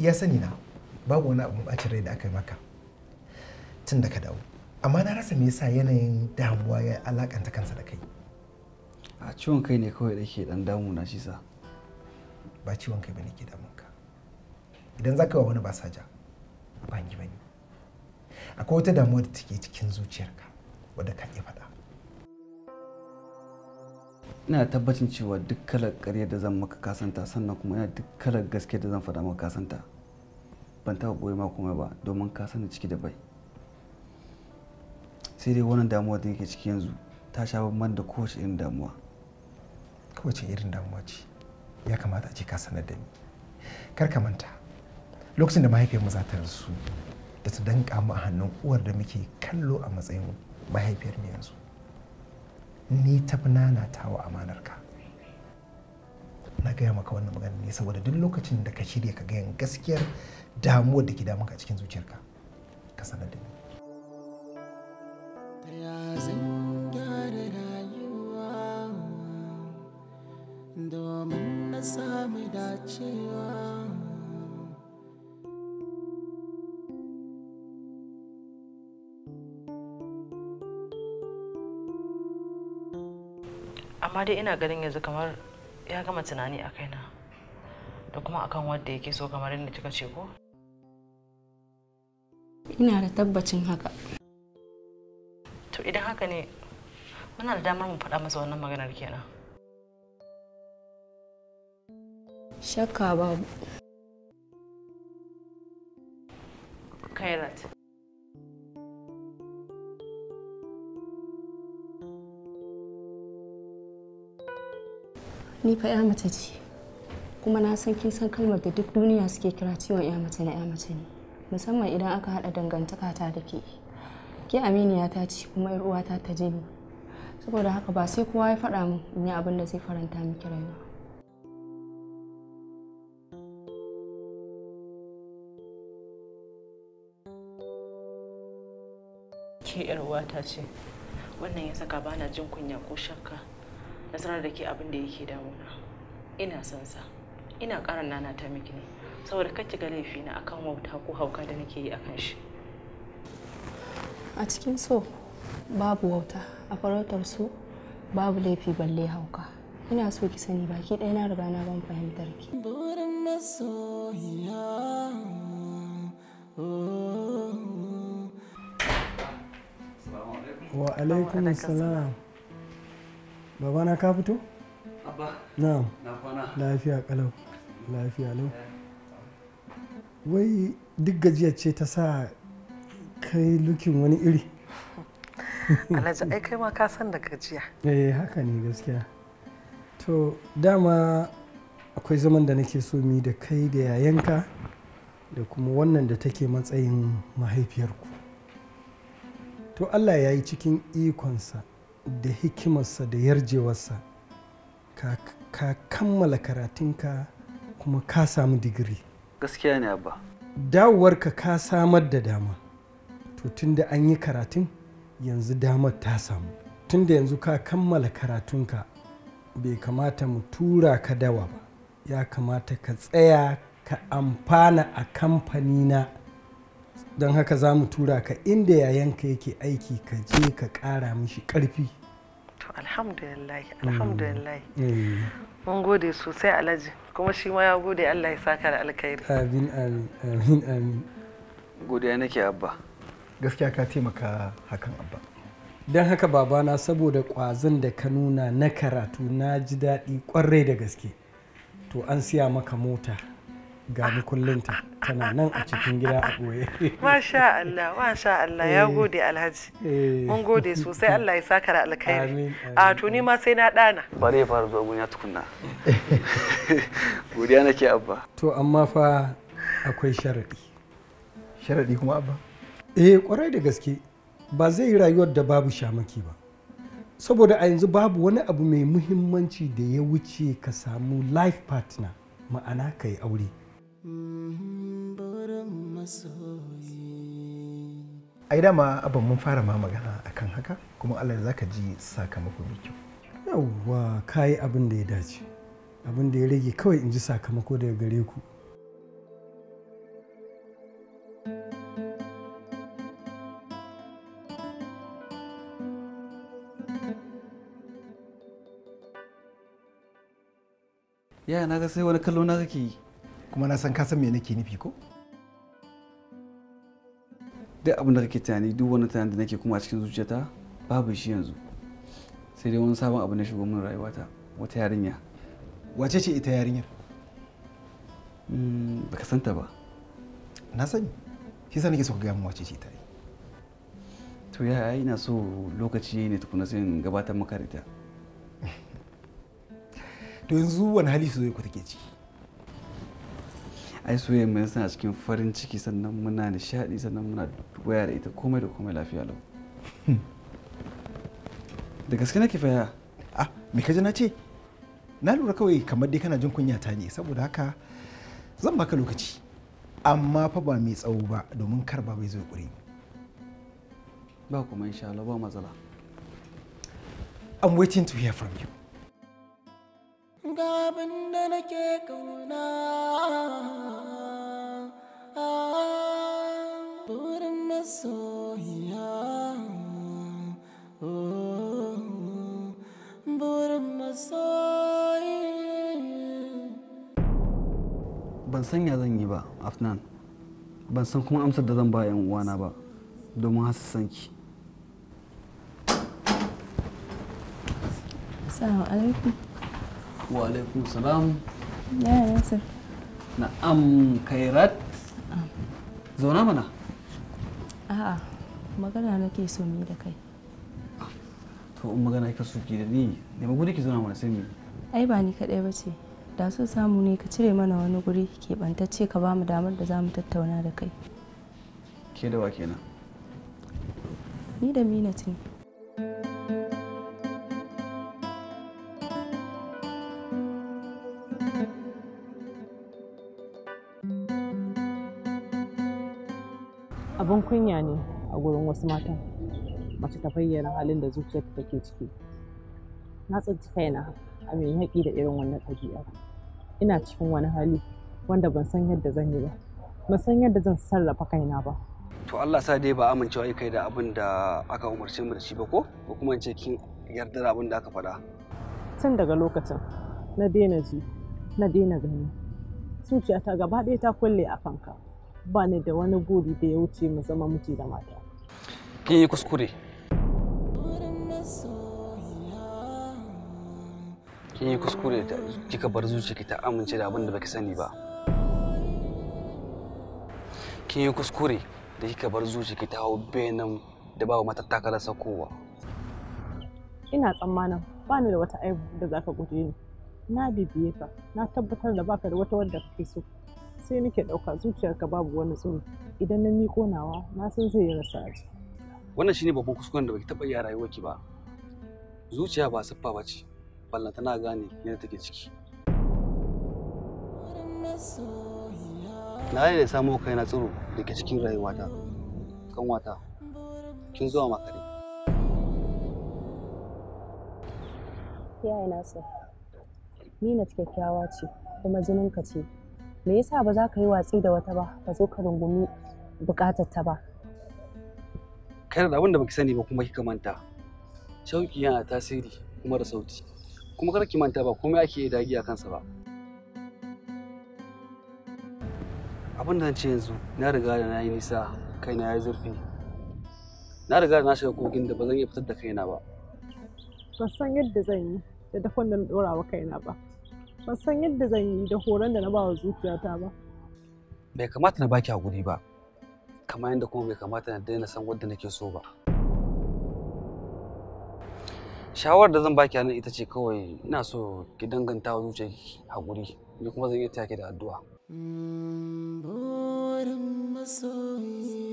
ya sani na babu wani abu bacin rai da aka yi maka tun da ka dawo amma na rasa me yasa yanayin damuwa ya alakanta kansa da kai a ciwon kai ne kawai da ke dan damu na shi sa ba ciwon kai bane ke damun ka idan za wa wani basaja ba ni bane akwai wata damuwa da take cikin zuciyarka wadda ka iya faɗa ina tabbacin cewa duk kalar ƙarya da zan maka kasanta sannan kuma ina duk kalar gaske da zan faɗa maka kasanta ban taɓa ɓoye ma komai ba domin ka sani ciki da bai sai dai wannan damuwa da yake ciki yanzu ta sha bamban da kowace irin damuwa kowace irin damuwa ce ya kamata a ce ka sanar da ni kar ka manta lokacin da mahaifiyarmu za ta rasu da ta danka mu a hannun uwar da muke kallo a matsayin mahaifiyar mu yanzu ni ta fi nana tawa amanarka na gaya maka wannan magana ne saboda duk lokacin da ka shirya ka gayan gaskiyar damuwar da ke damunka a cikin zuciyarka ka sanar da ni domin na dacewa amma dai ina ganin yanzu kamar ya gama tunani a kaina da kuma akan wanda yake so kamar yadda kika ce ko ina da tabbacin haka to idan haka ne muna da damar mu faɗa masa wannan maganar kenan shakka babu kairat ni fa ya mace ce kuma na san kin san kalmar da duk duniya suke kira ciwon ya mace na ya mace ne musamman idan aka hada dangantaka ta da ke ke aminiya ta ce kuma yar uwata ta ni saboda haka ba sai kowa ya faɗa min in yi abin da zai faranta miki rayuwa ba ke yar uwata ce wannan ya saka bana jin kunya ko shakka na sanar da ke abin da yake damuna ina son sa ina ƙara nana ta miki ne saboda kacce ga laifi na akan wauta ko hauka da nake yi akan shi a cikin so babu wauta a farautar so babu laifi balle hauka ina so ki sani baki ɗaya na riga na ban fahimtar ki burin masoyiya oh. wa alaikum babana ka fito? abba na kwana lafiya kalau lafiya lau eh. wai duk gajiyar ce ta sa kai lukin wani iri alhaji ai kai ma ka san da gajiya eh haka ne gaskiya to dama akwai zaman da nake so mi da kai da yayanka da kuma wannan da take matsayin mahaifiyarku to allah ya yi cikin ikonsa da hikimarsa da yarjewarsa ka, ka kammala karatunka kuma ka samu digiri gaskiya ne abba dawowarka ka samar da dama to tunda an yi karatun yanzu damar ta samu tunda yanzu ka kammala karatunka bai kamata mu tura ka dawa ba ya kamata ka tsaya ka amfana a kamfanina don haka za mu tura ka inda yayanka yake aiki ka je ka ƙara mishi ƙarfi alhamdulillah mm. alhamdulillah mun gode sosai alhaji kuma shi ma ya gode allah ya saka da alkhairi amin amin amin amin godiya nake abba gaskiya ka taimaka hakan abba don haka babana saboda kwazon da ka nuna na karatu na ji daɗi kwarai da gaske to an siya maka mota gani ta tana nan a cikin gida a ɓoye. Masha Allah, masha Allah ya eh. gode alhaji. Eh. Mun gode sosai Allah ya saka da alkhairi. A to ni ma sai na ɗana. Bari ya fara zuwa ya tukunna. Godiya nake abba. To amma fa akwai sharaɗi. Sharaɗi kuma abba? Eh kwarai da gaske ba zai yi rayuwar da babu shamaki ba. Saboda a yanzu babu wani abu mai muhimmanci da ya wuce ka samu life partner ma'ana ka yi aure. ai dama abin mun fara ma magana akan haka kuma allah za ka ji sakamako mai kyau yawwa ka yi abin da ya dace abin da ya rage kawai in ji sakamako daga gare ku yaya na ga sai wani kallo na kake yi kuma na san ka san me nake nufi ko duk abin da kake tunani duk wani tunani da nake kuma a cikin zuciyata babu shi yanzu sai dai wani sabon abu na shigo min rayuwata wata yarinya wace ce ita yarinyar hmm, baka santa ba na sani shi sa nake so ka gaya min wace ce ita to ya ina so lokaci ne tukuna sai in gabatar makarita to yanzu wani hali su zai ku take ciki ai soyayyar mu a cikin farin ciki sannan muna nishadi sannan muna waya da ita komai da komai lafiya lau da gaske nake faya ah me ka na ce na lura kawai kamar dai kana jin kunya ta ne saboda haka zan baka lokaci amma fa ba mai tsawo ba domin kar ba bai zo kure ba kuma insha Allah ba matsala I'm waiting to hear from you ga nake kauna burin masoya burin masoyi ban san ya zan yi ba afnan ban san kuma amsar da zan ba 'yan uwana ba domin hasassanki Assalamu alaikum. wa alaikum salam ya yasir na'am kairat zauna mana a'a magana nake so mi da kai to in magana ka so ki da ni da maguri ki zauna mana sai mi ai ba ni kadai ba ce da so samu ne ka cire mana wani guri ke bantacce ka ba mu damar da zamu tattauna da kai ke da wa kenan ni da mina ce kunya ne a gurin wasu matan mace ta bayyana halin da zuciyarta take ciki na tsinci kaina a mai haƙi da irin wannan ɗabi'ar ina cikin wani hali wanda ban san yadda zan yi ba ban san yadda zan sarrafa kaina ba to Allah sa dai ba amincewa kai da abin da aka umarce mu da shi ba ko ko kuma in ce kin yarda da abin da aka faɗa tun daga lokacin na daina ji na daina gani ta gaba ɗaya ta kulle a kanka ba ni da wani guri da ya wuce mu zama miji da mata kin yi kuskure kin yi kuskure da kika bar zuciyarki ta amince da abin da baki sani ba kin yi kuskure da kika bar zuciyarki ta hau benin da ba mata takarar sakowa ina tsammanin ba ni da wata aibu da za ka guje ni na bibiye ka na tabbatar da baka da wata wadda kake so sai nake ɗauka zuciyarka babu wani tsoro idan na miƙo nawa na san zai yi rasa aji. wannan shine babban kuskuren da baki taɓa yi a rayuwarki ba zuciya ba siffa ba ce ballan na gane yadda take ciki na da kai kaina tsoro da ke cikin rayuwata kanwata kin zuwa makare yaya nasu ni na kyakkyawa ce kuma jininka ce me yasa ba za ka yi watsi da wata ba ka zo ka rungumi bukatar ta ba kai da abin da baki sani ba kuma kika manta shauki yana tasiri kuma da sauti kuma kar ki manta ba komai ake dagi a kansa ba abin da zan ce yanzu na riga da na yi nisa kaina ya yi zurfi na riga da na shiga kogin da ba zan iya fitar da kaina ba ban san yadda zan yi da dakon da na dora wa kaina ba ban san yadda zan yi da horon da na ba wa zuciyata ba bai kamata na baki hakuri ba kamar yadda kuma bai kamata na daina san wadda nake so ba shawarar da zan baki a nan ita ce kawai ina so ki danganta wa zuciyarki hakuri ni kuma zan iya take da addu'a masoyi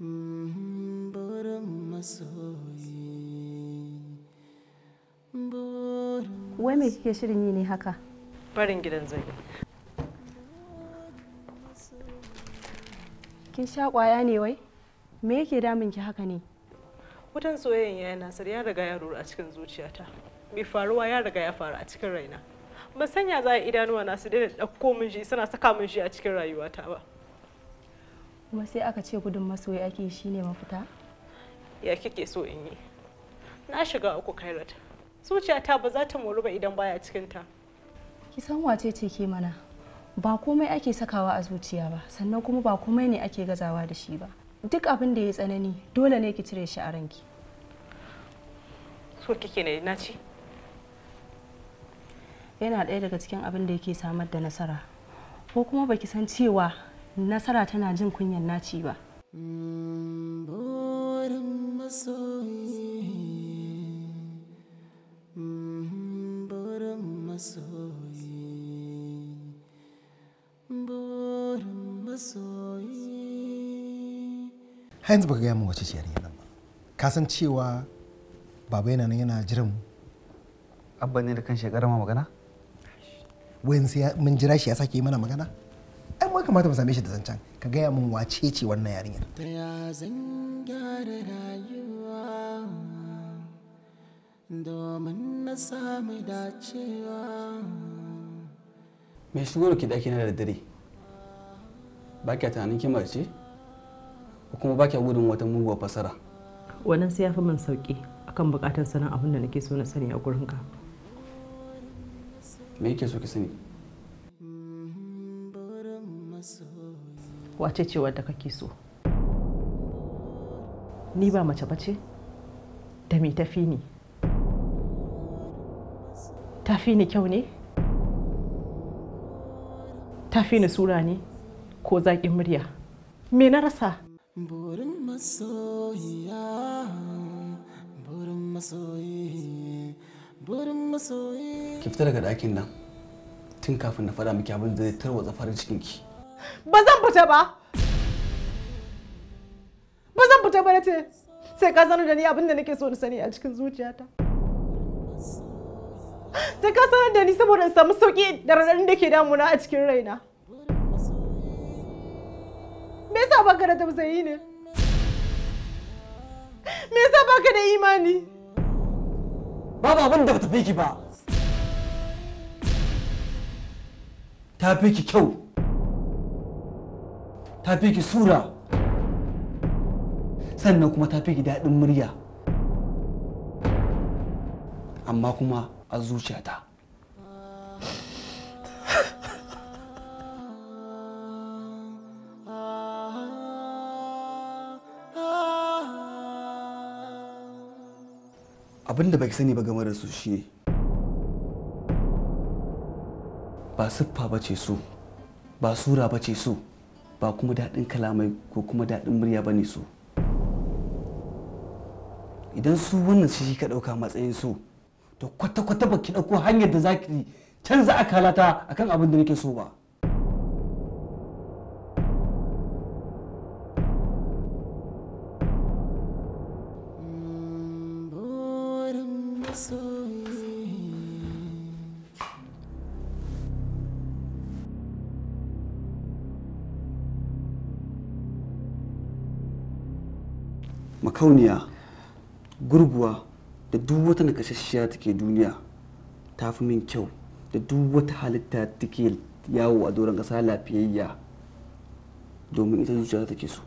mm, Wai me kike shirin yi ne haka? Barin gidan zai. Kin sha ƙwaya ne wai? Me yake damun ki haka ne? Wutan soyayyen yi nasar ya riga ya ruru a cikin zuciyata. Mai faruwa ya riga ya faru a cikin raina. Ban sanya za a idanuwa na su daina ɗauko min shi suna saka min shi a cikin rayuwata ba. Kuma sai aka ce gudun masoyi ake shi ne mafita? Ya kike so in yi? Na shiga uku kairata. zuciyata ba za ta moru ba idan baya cikinta ki san wace ce ke mana ba komai ake sakawa a zuciya ba sannan kuma ba komai ne ake gazawa da shi ba duk abin da ya tsanani dole ne ki cire shi a ranki so kike ne na ci yana ɗaya daga cikin abin da yake samar da nasara ko kuma baki san cewa nasara tana jin kunyan naci ba mm, burin masoyi burin masoyi har yanzu baka gaya min wace ce yarinya nan ba ka san cewa baba yana nan yana jiran abba ne da kan shekara ma magana wayan sai mun jira shi ya sake yi mana magana ai ma kamata mu same shi da zancen ka gaya min wace ce wannan yarinyar ta ya zan gyara rayu domin na sami dacewa mai shigo da na da dare ba kya tunanin kimar ce ko kuma ba kya gudun wata muguwar fasara wannan sai ya fi min sauƙi akan buƙatar sanin abin da nake so na sani a gurinka me yake so ki sani wace ce wadda kake so ni ba mace bace da mai tafi ni tafi ni kyau ne tafi ni sura ne ko zaƙin murya me na rasa burin masoyiya burin masoyi burin masoyi ki fita daga ɗakin nan tun kafin na faɗa miki abin da zai tarwatsa farin cikin ki ba zan fita ba ba zan fita ba na ce sai ka zano da ni abin da nake so na sani a cikin zuciyata sai ka sanar da ni saboda in samu sauki da raɗaɗin da ke damuna a cikin raina me yasa baka da tausayi ne me yasa baka da imani babu abin da ba tafi ki ba ta fi ki kyau ta fi ki sura sannan kuma ta fi ki daɗin murya amma kuma a zuciyata abin da baki sani ba game da su ne. ba siffa ba ce su ba sura ba ce su ba kuma daɗin kalamai ko kuma daɗin murya ba ne su idan su wannan shi ka ɗauka matsayin su da kwata-kwata ba ɗauko hanyar da za ki canza akalata kan abin da nake so ba. makauniya gurguwa da duk wata nakasasshiya take duniya ta fi min kyau da duk wata halitta take yawo a doron ƙasa lafiyayya domin ita zuciya take so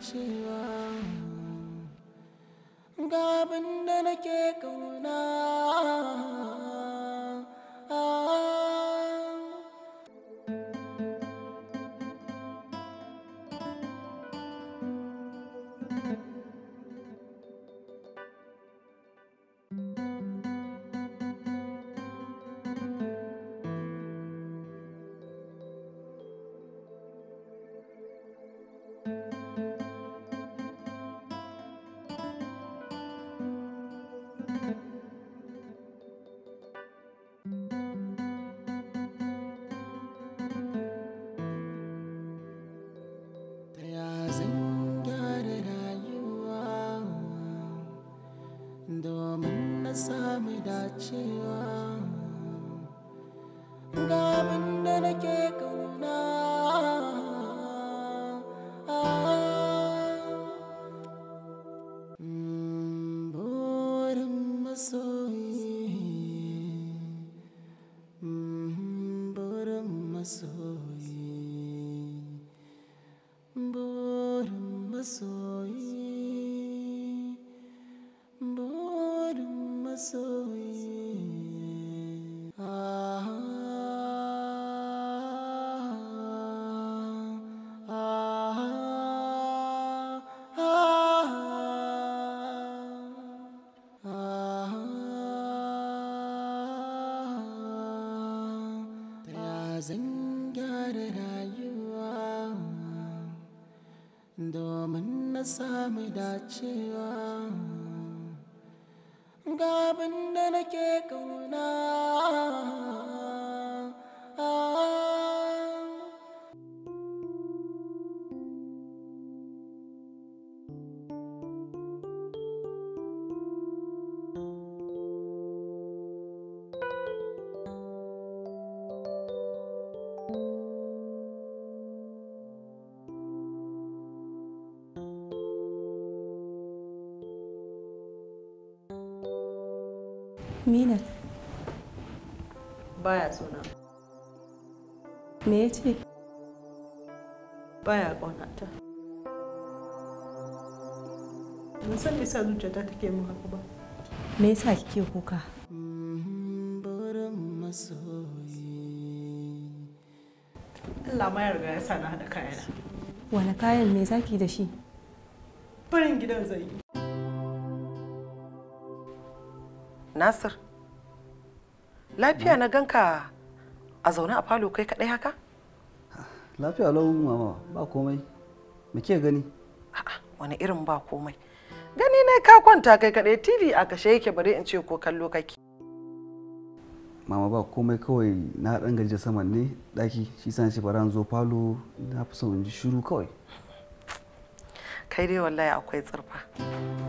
She domin na samu dacewa ga abin da nake kauna baya suna me ya ce baya ƙaunata ban san me yasa zuciyata take min haka ba me yasa kike kuka Allah ma ya riga ya sa na kayana wane kayan me zaki da shi barin gidan zai yi nasir lafiya na ganka a zaune a falo kai kadai haka? lafiya lau mama ba komai me ke gani? a'a wani irin ba komai gani ne ka kwanta kai kadai tv a kashe yake bare in ce ko kallo kake mama ba komai kawai na dan gaji saman ne daki shi san shi bara zo falo na fi son in ji shiru kawai kai dai wallahi akwai tsirfa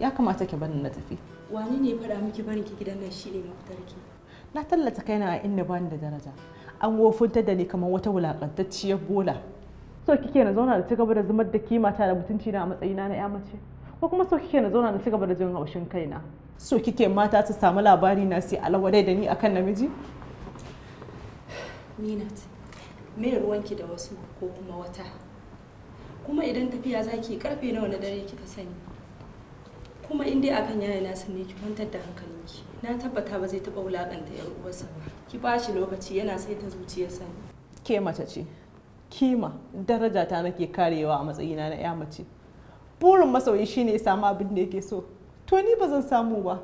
ya kamata ki bani na tafi wani ne faɗa miki barin ki gidan nan shine mafitarki na tallata kaina a inda bani da daraja an wofuntar da ni kamar wata wulakantacciyar bola so kike na zauna da ci gaba da zumar da kimata da mutunci na a matsayina na ya mace ko kuma so kike na zauna da ci gaba da jin haushin kaina so kike mata su samu labari na sai alawadai da ni akan namiji minat me ruwanki da wasu ko kuma wata kuma idan tafiya zaki karfe nawa na dare kika sani kuma in dai akan yaya nasu ne ki kwantar da hankalinki na tabbata ba zai taɓa wulakanta yar uwarsa ba ki ba shi lokaci yana sai ta zuciyarsa ne ke mace ce kima daraja ta nake karewa a matsayina na ya mace burin masauyi shine ya samu abin da yake so to ni ba zan samu ba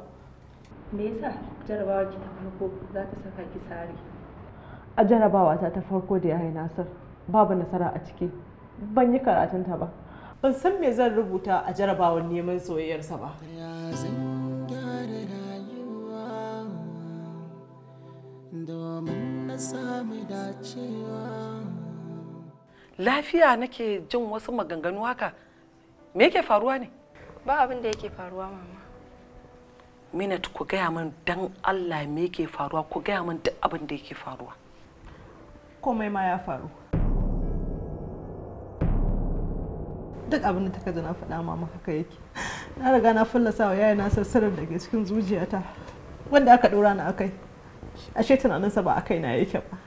me yasa jarabawa ki ta farko za ta saka ki sare a jarabawa ta ta farko da yayi nasar babu nasara a ciki ban yi karatunta ba ban san me zan rubuta a jarabawar neman soyayyarsa ba lafiya nake jin wasu maganganu haka me yake faruwa ne ba abin da yake faruwa mama minat ku gaya min dan allah me yake faruwa ku gaya min duk abin da yake faruwa komai ma ya faru duk abin da takarda na faɗa ma maka haka yake na riga na fallasa wa yaya na sassarar ke cikin zuciyata wanda aka ɗora na akai ashe tunaninsa ba akai na yake ba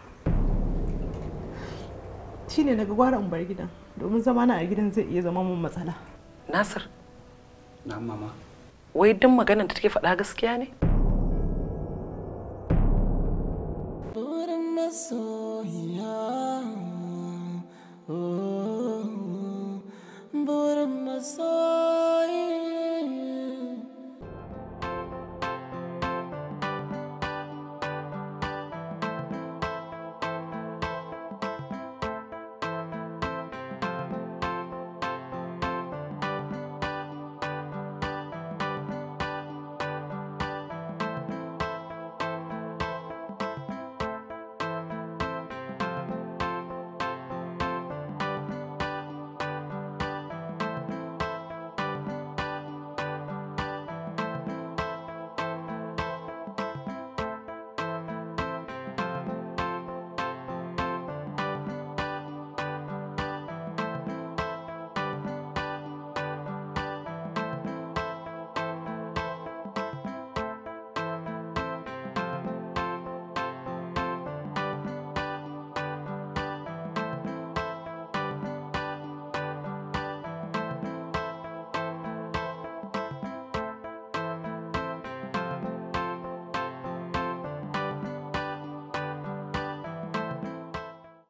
shine na gwara in bar gidan domin zama na a gidan zai iya zama mun matsala nasir na mama wai duk maganar da take faɗa gaskiya ne Oh, برمصايب